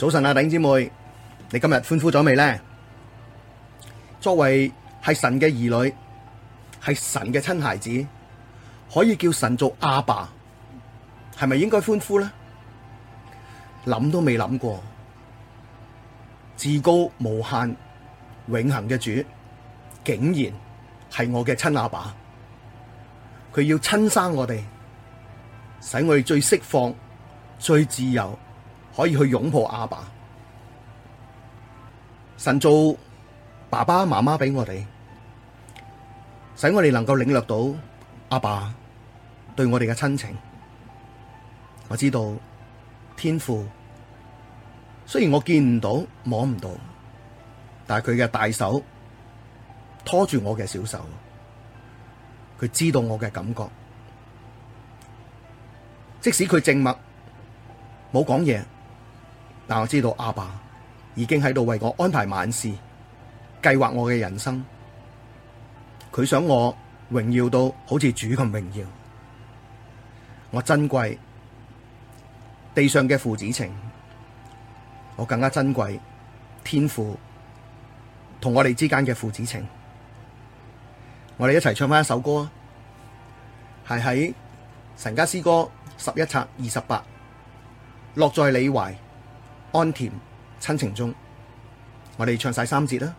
早晨啊，弟兄姊妹，你今日歡呼咗未呢？作為係神嘅兒女，係神嘅親孩子，可以叫神做阿爸，係咪應該歡呼呢？諗都未諗過，至高無限永恆嘅主，竟然係我嘅親阿爸，佢要親生我哋，使我哋最釋放、最自由。可以去擁抱阿爸，神做爸爸媽媽俾我哋，使我哋能夠領略到阿爸對我哋嘅親情。我知道天父雖然我見唔到、摸唔到，但係佢嘅大手拖住我嘅小手，佢知道我嘅感覺。即使佢靜默，冇講嘢。但我知道阿爸已經喺度為我安排萬事，計劃我嘅人生。佢想我榮耀到好似主咁榮耀。我珍貴地上嘅父子情，我更加珍貴天父同我哋之間嘅父子情。我哋一齊唱返一首歌，係喺《神家詩歌》十一冊二十八，樂在祢懷，安甜親情中，我哋唱晒三節啦。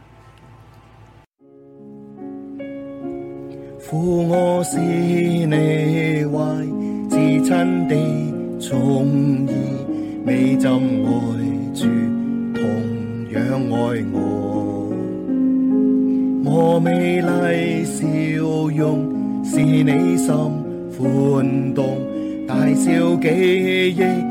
父，我是你懷至親的寵兒，你怎愛主，同樣愛我。我美麗笑容使你心歡動，大小記憶。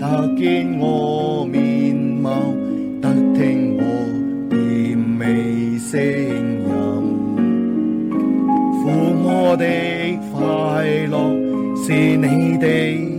得見我面貌，得聽我甜美聲音，父，我的快樂是祢的。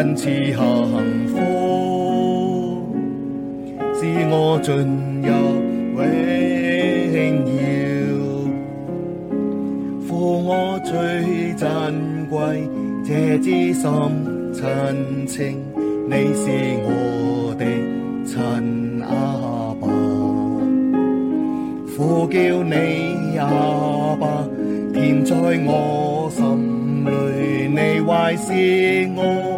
恩賜幸福，使我進入榮耀，父，我最珍貴這至深親情，你是我的親阿爸，呼叫你阿爸，甜在我心裡，你懷是我。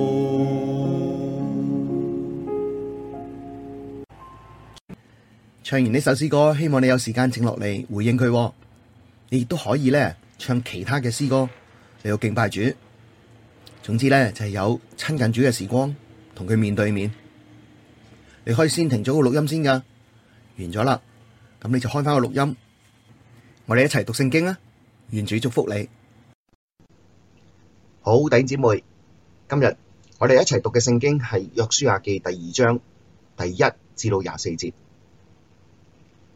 唱完呢首詩歌，希望你有時間靜落嚟回應佢。你亦都可以咧唱其他嘅詩歌嚟要敬拜主。總之咧就係、是、有親近主嘅時光，同佢面對面。你可以先停咗個錄音先噶，完咗啦，咁你就開翻個錄音。我哋一齊讀聖經啊！願主祝福你。好，弟兄姊妹，今日我哋一齊讀嘅聖經係《約書亞記》第二章第一至到廿四節。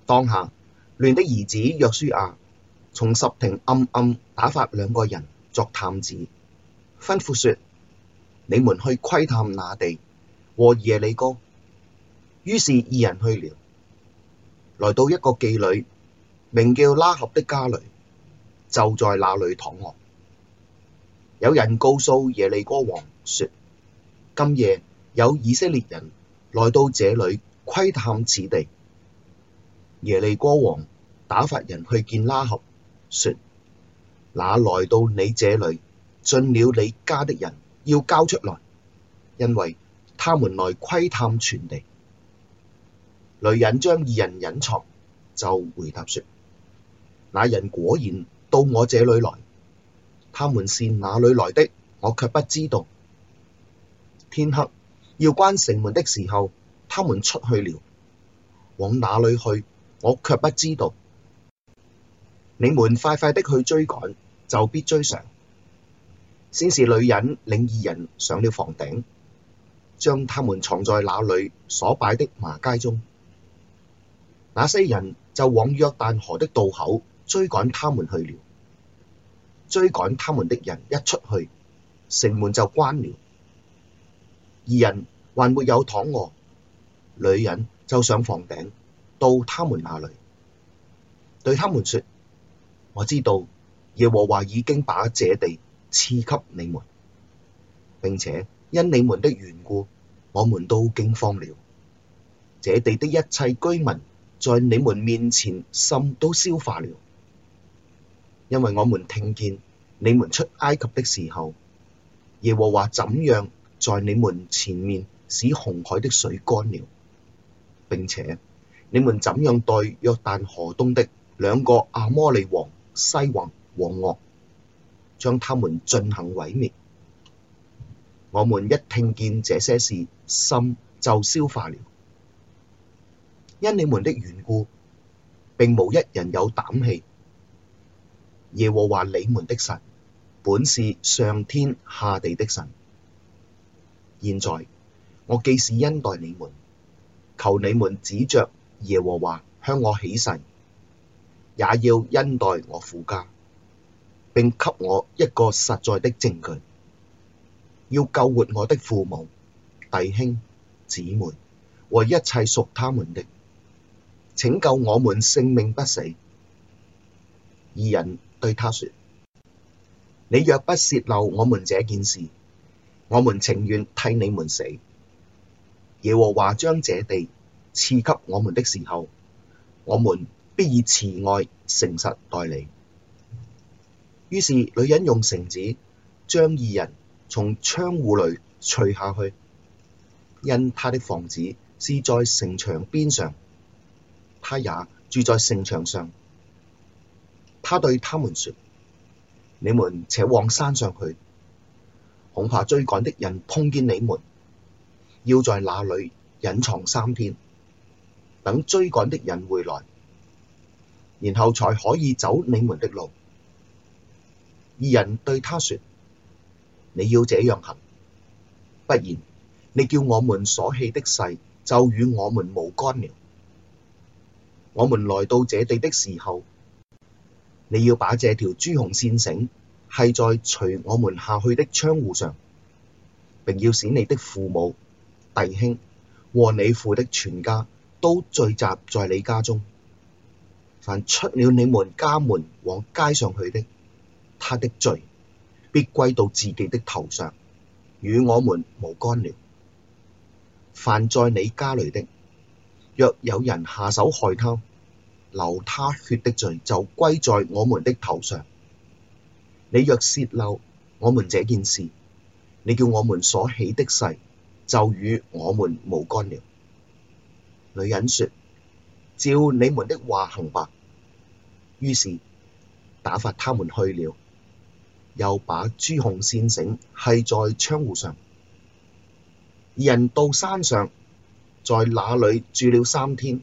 當下，嫩的兒子約書亞從什亭暗暗打發兩個人作探子，吩咐說：你們去窺探那地和耶利哥。於是二人去了，來到一個妓女名叫喇合的家裡，就在那裡躺臥。有人告訴耶利哥王說：今夜有以色列人來到這裡窺探此地。耶利哥王打發人去見喇合，說：那來到你這裏、進了你家的人要交出來，因為他們來窺探全地。女人將二人隱藏，就回答說：那人果然到我這裏來，他們是哪裏來的，我卻不知道。天黑要關城門的時候，他們出去了，往哪裏去，我卻不知道，你們快快的去追趕，就必追上。先是女人領二人上了房頂，將他們藏在那裏所擺的麻稭中。那些人就往約但河的渡口追趕他們去了。追趕他們的人一出去，城門就關了。二人還沒有躺臥，女人就上房頂，到他們那裏，對他們說：我知道耶和華已經把這地賜給你們，並且因你們的緣故，我們都驚慌了。這地的一切居民在你們面前心都消化了，因為我們聽見你們出埃及的時候，耶和華怎樣在你們前面使紅海的水乾了，並且你們怎樣待約旦河東的兩個阿摩利王西王和惡，將他們進行毀滅。我們一聽見這些事，心就消化了。因你們的緣故，並無一人有膽氣。耶和華你們的神本是上天下地的神。現在我既是恩待你們，求你們指着。耶和華向我起誓，也要恩待我父家，並給我一個實在的證據，要救活我的父母、弟兄、姊妹和一切屬他們的，拯救我們性命不死。二人對他說：你若不洩漏我們這件事，我們情願替你們死。耶和華將這地。賜給我們的時候，我們必以慈愛、誠實待你。於是女人用繩子將二人從窗戶裡縋下去，因她的房子是在城牆邊上，她也住在城牆上。她對他們說：你們且往山上去，恐怕追趕的人碰見你們，要在那裡隱藏三天。等追趕的人回來，然後才可以走你們的路。二人對他說：你要這樣行，不然你叫我們所起的誓就與我們無干了。我們來到這地的時候，你要把這條朱紅線繩繫在縋我們下去的窗戶上，並要使你的父母、弟兄和你父的全家。都聚集在你家中。凡出了你們家門往街上去的，他的罪必歸到自己的頭上，與我們無干了。凡在你家裏的，若有人下手害他，流他血的罪就歸在我們的頭上。你若泄漏我們這件事，你叫我們所起的誓就與我們無干了。女人說：照你們的話行吧。於是打發他們去了，又把朱紅線繩係在窗戶上。二人到山上，在那裡住了三天，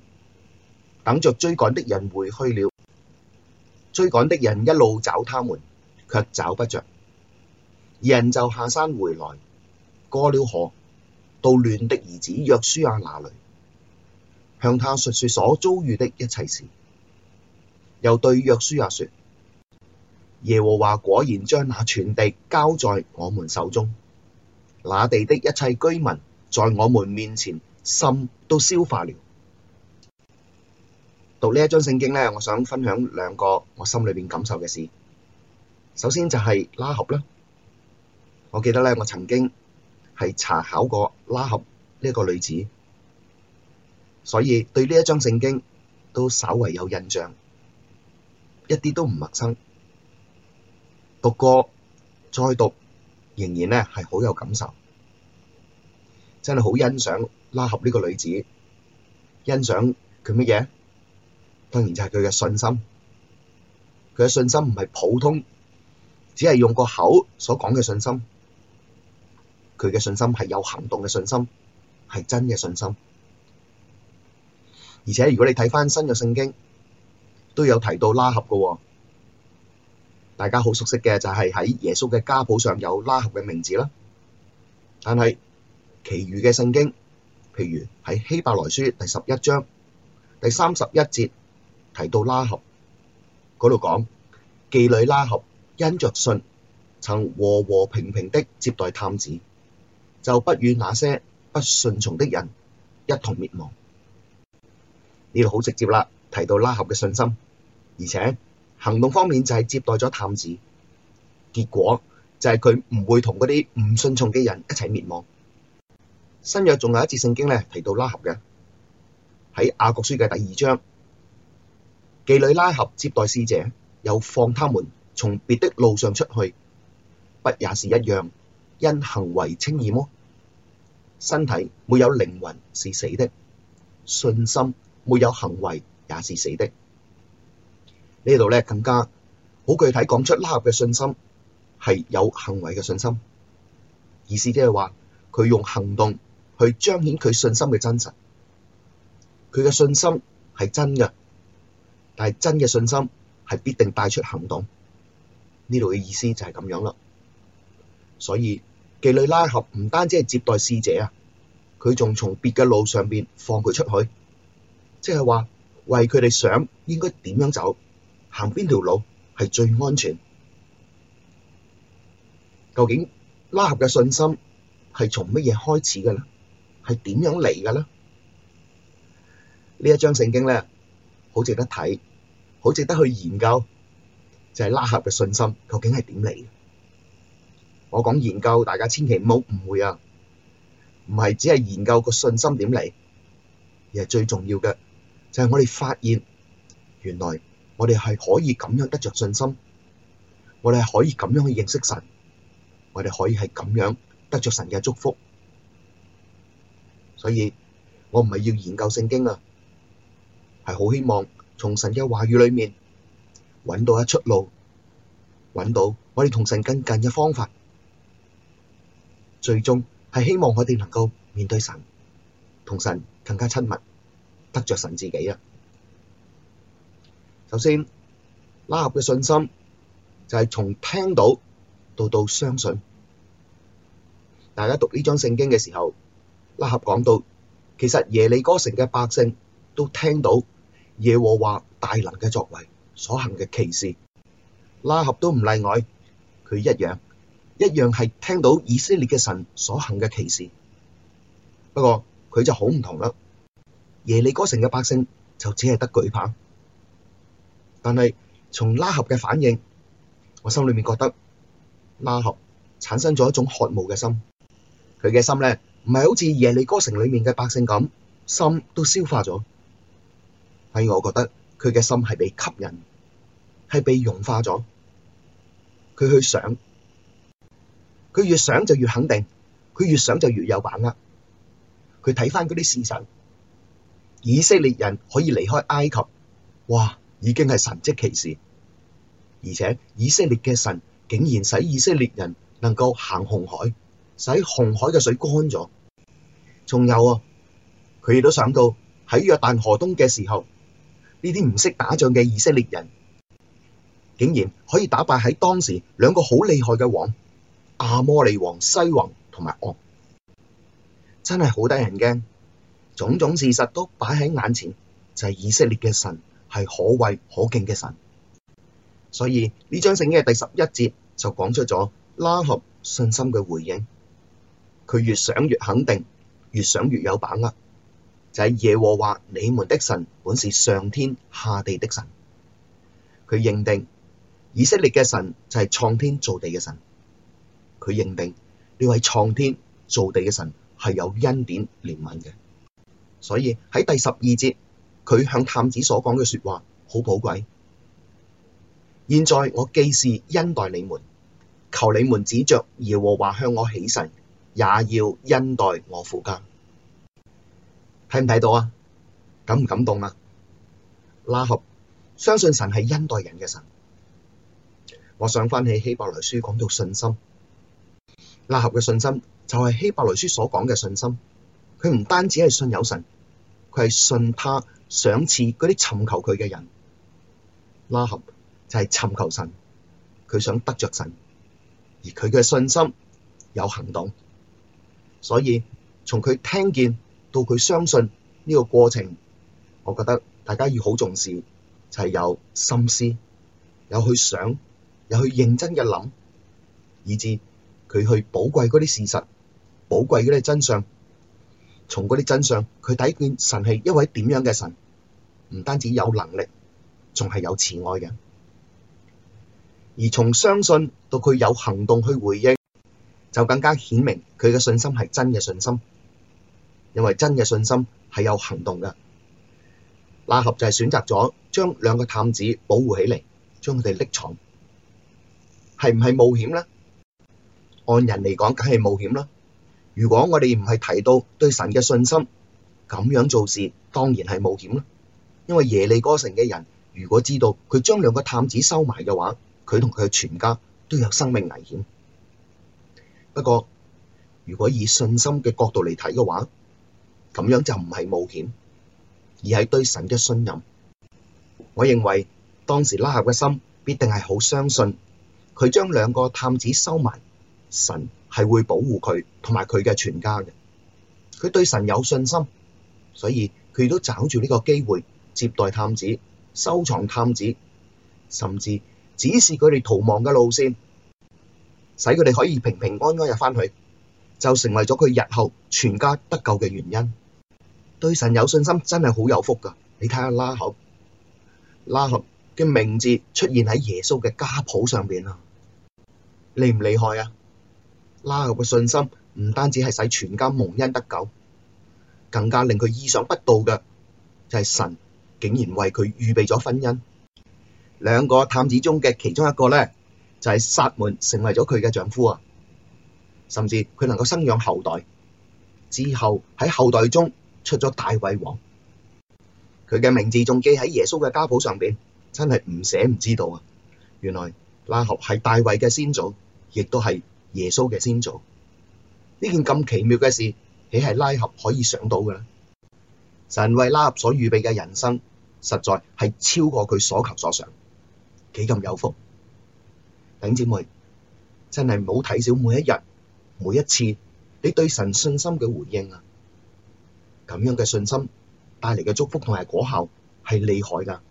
等着追趕的人回去了。追趕的人一路找他們，却找不着。二人就下山回來，過了河，到嫩的兒子約書亞那裡。向他述說所遭遇的一切事，又對約書亞說：耶和華果然將那全地交在我們手中，那地的一切居民在我們面前心都消化了。讀呢一章聖經呢，我想分享兩個我心裏面感受嘅事。首先就係拉合啦，我記得呢，我曾經係查考過拉合呢一個女子。所以對呢一章聖經都稍為有印象，一啲都唔陌生。讀過再讀，仍然咧係好有感受，真係好欣賞喇合呢個女子，欣賞佢乜嘢？當然就係佢嘅信心。佢嘅信心唔係普通，只係用個口所講嘅信心。佢嘅信心係有行動嘅信心，係真嘅信心。而且如果你睇返新嘅聖經，都有提到喇合嘅，哦，大家好熟悉嘅就係喺耶穌嘅家譜上有喇合嘅名字啦。但係，其餘嘅聖經，譬如喺希伯來書第十一章第三十一節提到喇合嗰度講，妓女喇合因着信，曾和和平平的接待探子，就不與那些不順從的人一同滅亡。呢度好直接啦，提到喇合嘅信心，而且行動方面就係接待咗探子，結果就係佢唔會同嗰啲唔順從嘅人一齊滅亡。新約仲有一節聖經咧，提到喇合嘅，喺雅各書嘅第二章，妓女喇合接待使者，又放他們從別的路上出去，不也是一樣？因行為稱義麼？身體沒有靈魂是死的，信心，沒有行為也是死的。呢度咧更加好具體講出拉合嘅信心係有行為嘅信心，意思即係話佢用行動去彰顯佢信心嘅真實。佢嘅信心係真嘅，但係真嘅信心係必定帶出行動。呢度嘅意思就係咁樣啦。所以妓女拉合唔單止係接待使者啊，佢仲從別嘅路上邊放佢出去。即係話為佢哋想應該點樣走，行邊條路係最安全？究竟喇合嘅信心係從乜嘢開始嘅咧？係點樣嚟嘅咧？呢一章聖經咧，好值得睇，好值得去研究，就係喇合嘅信心究竟係點嚟？我講研究，大家千祈唔好誤會啊！唔係只係研究個信心點嚟，而係最重要嘅。就係我哋發現，原來我哋係可以咁樣得着信心，我哋係可以咁樣去認識神，我哋可以係咁樣得着神嘅祝福。所以，我唔係要研究聖經啊，係好希望從神嘅話語裡面揾到一出路，揾到我哋同神更近嘅方法。最終係希望我哋能夠面對神，同神更加親密。得著神自己啊！首先，喇合嘅信心就係從聽到到到相信。大家讀呢章聖經嘅時候，喇合講到，其實耶利哥城嘅百姓都聽到耶和華大能嘅作為，所行嘅奇事。喇合都唔例外，佢一樣，一樣係聽到以色列嘅神所行嘅奇事。不過佢就好唔同啦。耶利哥城嘅百姓就只係得懼怕，但係從拉合嘅反應，我心裏面覺得拉合產生咗一種渴慕嘅心。佢嘅心咧，唔係好似耶利哥城裏面嘅百姓咁，心都消化咗。所以我覺得佢嘅心係被吸引，係被融化咗。佢去想，佢越想就越肯定，佢越想就越有把握。佢睇翻嗰啲事實。以色列人可以離開埃及，哇，已經係神蹟奇事，而且以色列嘅神竟然使以色列人能夠行紅海，使紅海嘅水乾咗，仲有啊，佢哋都想到喺約旦河東嘅時候，呢啲唔識打仗嘅以色列人，竟然可以打敗喺當時兩個好厲害嘅王，亞摩利王西宏同埋噩，真係好得人驚。種種事實都擺喺眼前，就係、是、以色列嘅神係可畏可敬嘅神。所以呢張聖經嘅第十一節就講出咗拉合信心嘅回應，佢越想越肯定，越想越有把握，就係、是、耶和華你們的神本是上天下地的神。佢認定以色列嘅神就係創天造地嘅神，佢認定呢位創天造地嘅神係有恩典憐憫嘅。所以喺第十二節，佢向探子所講嘅說話好寶貴。現在我既是恩待你們，求你們指著耶和華向我起誓，也要恩待我父家。睇唔睇到啊？感唔感動啊？拉合，相信神係恩待人嘅神。我上翻起希伯來書講到信心，拉合嘅信心就係希伯來書所講嘅信心。佢唔單止係信有神，佢係信他賞賜嗰啲尋求佢嘅人，喇合就係尋求神，佢想得着神，而佢嘅信心有行動，所以從佢聽見到佢相信呢個過程，我覺得大家要好重視，就係、是、有心思，有去想，有去認真嘅諗，以至佢去寶貴嗰啲事實，寶貴嗰啲真相。從嗰啲真相，佢睇見神係一位點樣嘅神？唔單止有能力，仲係有慈愛嘅。而從相信到佢有行動去回應，就更加顯明佢嘅信心係真嘅信心。因為真嘅信心係有行動㗎。喇合就係選擇咗將兩個探子保護起嚟，將佢哋匿藏。係唔係冒險咧？按人嚟講，梗係冒險啦。如果我哋唔係提到對神嘅信心，咁樣做事當然係冒險咯。因為耶利哥城嘅人如果知道佢將兩個探子收埋嘅話，佢同佢全家都有生命危險。不過如果以信心嘅角度嚟睇嘅話，咁樣就唔係冒險，而係對神嘅信任。我認為當時喇合嘅心必定係好相信佢將兩個探子收埋神係會保護佢同埋佢嘅全家嘅，佢對神有信心，所以佢都找住呢個機會接待探子、收藏探子，甚至指示佢哋逃亡嘅路線，使佢哋可以平平安安入返去，就成為咗佢日後全家得救嘅原因。對神有信心真係好有福㗎，你睇下喇合、喇合嘅名字出現喺耶穌嘅家譜上邊啊，厲唔厲害啊？拉合嘅信心唔單止係使全家蒙恩得救，更加令佢意想不到嘅就係、是、神竟然為佢預備咗婚姻。兩個探子中嘅其中一個咧就係撒門，成為咗佢嘅丈夫啊！甚至佢能夠生養後代，之後喺後代中出咗大衛王，佢嘅名字仲記喺耶穌嘅家譜上邊，真係唔寫唔知道啊！原來拉合係大衛嘅先祖，亦都係。耶穌嘅先祖，呢件咁奇妙嘅事，豈係拉合可以想到噶？神為拉合所預備嘅人生，實在係超過佢所求所想，幾咁有福！頂姐妹，真係唔好睇小每一日、每一次你對神信心嘅回應啊！咁樣嘅信心帶嚟嘅祝福同埋果效係厲害噶。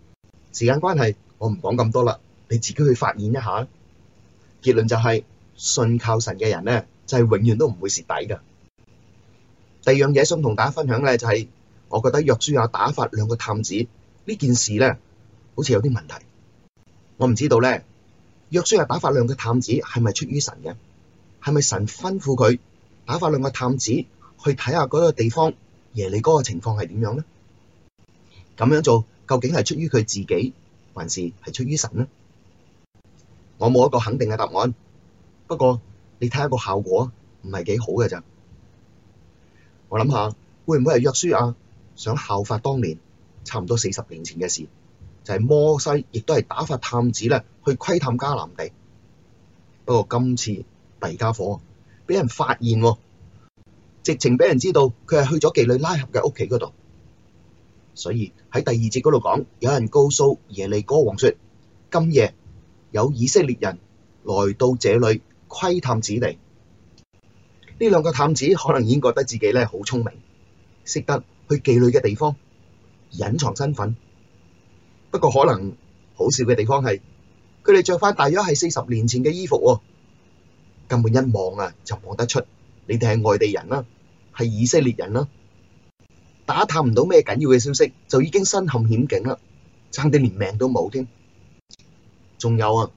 時間關係，我唔講咁多啦，你自己去發現一下。結論就係、是。信靠神嘅人咧，就係、是、永遠都唔會蝕底噶。第二樣嘢想同大家分享咧，就係、是、我覺得約書亞打發兩個探子呢件事咧，好似有啲問題。我唔知道咧，約書亞打發兩個探子係咪出於神嘅？係咪神吩咐佢打發兩個探子去睇下嗰個地方耶利哥嘅情況係點樣咧？咁樣做究竟係出於佢自己，還是係出於神咧？我冇一個肯定嘅答案。不過你睇下個效果唔係幾好嘅咋，我諗下會唔會係約書亞想效法當年，差唔多四十年前嘅事，就係、是、摩西亦都係打發探子咧去窺探迦南地。不過今次弊家伙，俾人發現，直情俾人知道佢係去咗妓女拉合嘅屋企嗰度。所以喺第二節嗰度講，有人告訴耶利哥王說，今夜有以色列人來到這裡窺探子地，呢兩個探子可能已經覺得自己咧好聰明，識得去妓女嘅地方隱藏身份。不過可能好笑嘅地方係，佢哋着翻大約係四十年前嘅衣服喎、哦，根本一望啊就望得出你哋係外地人啦、啊，係以色列人啦、啊，打探唔到咩緊要嘅消息，就已經身陷險境啦，差啲連命都冇添。仲有啊！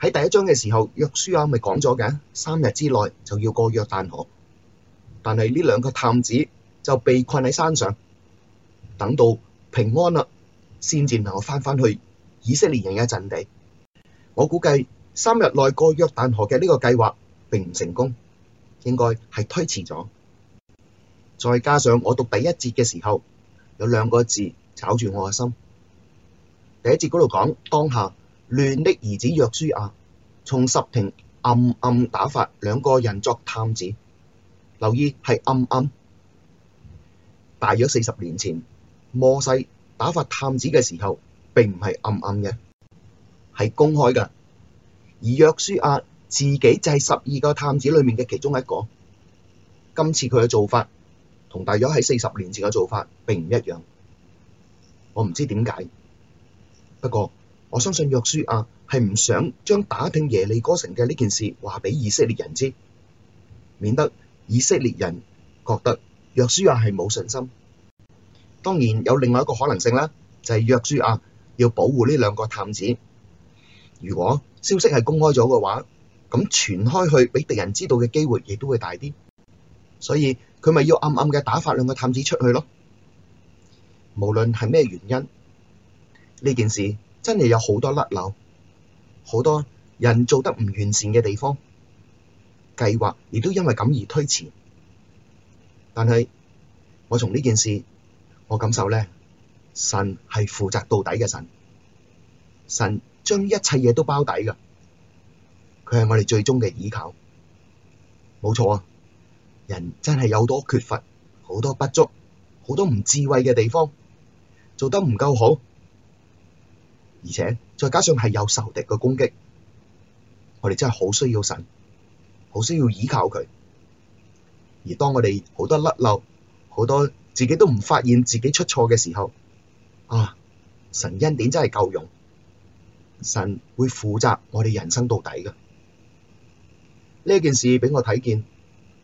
喺第一章嘅時候，約書亞咪講咗嘅，三日之內就要過約旦河，但係呢兩個探子就被困喺山上，等到平安啦，先至能夠翻返去以色列人嘅陣地。我估計三日內過約旦河嘅呢個計劃並唔成功，應該係推遲咗。再加上我讀第一節嘅時候，有兩個字抓住我嘅心。第一節嗰度講，當下。嫩的兒子約書亞從什亭暗暗打發兩個人作探子，留意係暗暗。大約四十年前，摩西打發探子嘅時候，並唔係暗暗嘅，係公開嘅。而約書亞自己就係十二個探子裏面嘅其中一個。今次佢嘅做法同大約喺四十年前嘅做法並唔一樣。我唔知點解，不過。我相信約書亞係唔想將打聽耶利哥城嘅呢件事話畀以色列人知，免得以色列人覺得約書亞係冇信心。當然有另外一個可能性啦，就係約書亞要保護呢兩個探子。如果消息係公開咗嘅話，咁傳開去畀敵人知道嘅機會亦都會大啲，所以佢咪要暗暗嘅打發兩個探子出去咯。無論係咩原因，呢件事。真係有好多甩漏，好多人做得唔完善嘅地方，計劃亦都因為咁而推遲。但係我從呢件事，我感受咧，神係負責到底嘅神，神將一切嘢都包底㗎，佢係我哋最終嘅依靠。冇錯啊，人真係有好多缺乏，好多不足，好多唔智慧嘅地方，做得唔夠好。而且再加上係有仇敵嘅攻擊，我哋真係好需要神，好需要依靠佢。而當我哋好多甩漏、好多自己都唔發現自己出錯嘅時候，啊！神恩典真係夠用，神會負責我哋人生到底嘅。呢件事畀我睇見，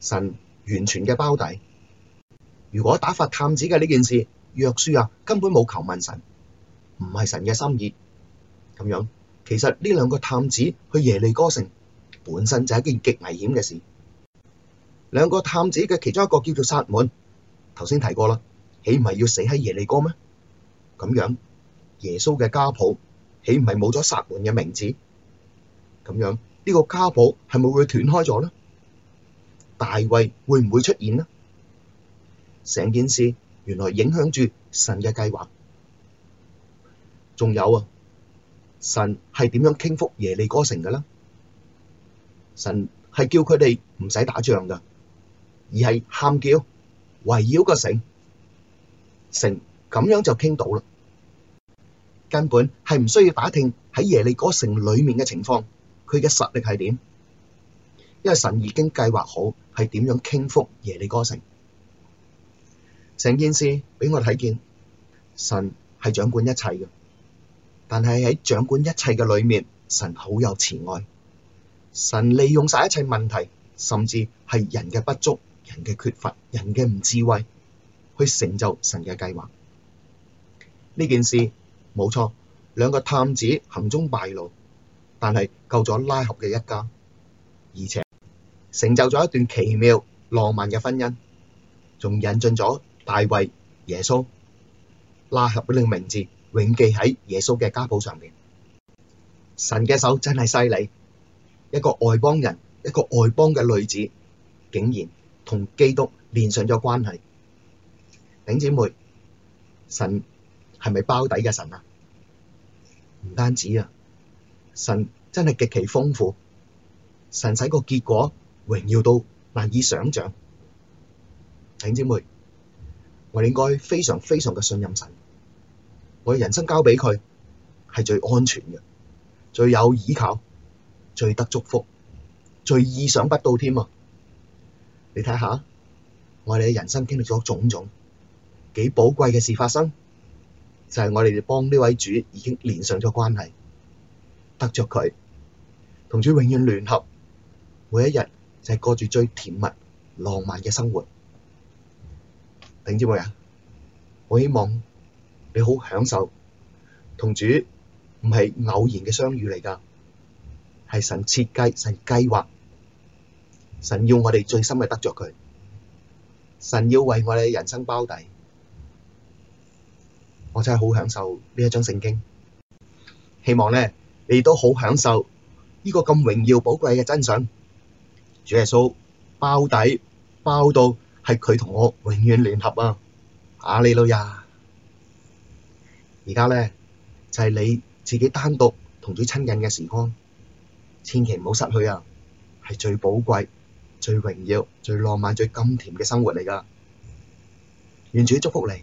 神完全嘅包底。如果打發探子嘅呢件事，約書亞根本冇求問神，唔係神嘅心意。咁樣其實呢兩個探子去耶利哥城本身就係一件極危險嘅事。兩個探子嘅其中一個叫做撒門，頭先提過啦，起唔係要死喺耶利哥咩？咁樣耶穌嘅家譜，起唔係冇咗撒門嘅名字？咁樣呢個家譜係咪會斷開咗呢？大衛會唔會出現呢？成件事原來影響住神嘅計劃，仲有啊～神係點樣傾覆耶利哥城嘅啦。神係叫佢哋唔使打仗噶，而係喊叫圍繞個城，城咁樣就傾倒啦。根本係唔需要打聽喺耶利哥城裏面嘅情況，佢嘅實力係點，因為神已經計劃好係點樣傾覆耶利哥城。成件事畀我哋睇見，神係掌管一切嘅。但係喺掌管一切嘅裏面，神好有慈愛，神利用晒一切問題，甚至係人嘅不足、人嘅缺乏、人嘅唔智慧，去成就神嘅計劃。呢件事冇錯，兩個探子行蹤敗露，但係救咗喇合嘅一家，而且成就咗一段奇妙浪漫嘅婚姻，仲引進咗大衛、耶穌，喇合呢個名字。永記喺耶穌嘅家譜上面，神嘅手真係犀利，一個外邦人，一個外邦嘅女子，竟然同基督連上咗關係。頂姐妹，神係咪包底嘅神啊？唔單止啊，神真係極其豐富，神使個結果榮耀到難以想象頂姐妹，我哋應該非常非常嘅信任神。我嘅人生交畀佢，係最安全嘅，最有依靠，最得祝福，最意想不到添啊！你睇下，我哋嘅人生經歷咗種種幾寶貴嘅事發生，就係、是、我哋要幫呢位主已經連上咗關係，得咗佢同主永遠聯合，每一日就係過住最甜蜜浪漫嘅生活，明唔明啊？我希望。你好享受同主唔係偶然嘅相遇嚟噶係神設計、神計劃，神要我哋最深嘅得着佢，神要為我哋嘅人生包底，我真係好享受呢一張聖經。希望咧你都好享受呢個咁榮耀寶貴嘅真相，主耶穌包底包到係佢同我永遠聯合啊！阿利路亞！而家咧就係、是、你自己單獨同佢親近嘅時光，千祈唔好失去啊！係最寶貴、最榮耀、最浪漫、最甘甜嘅生活嚟㗎。願主祝福你。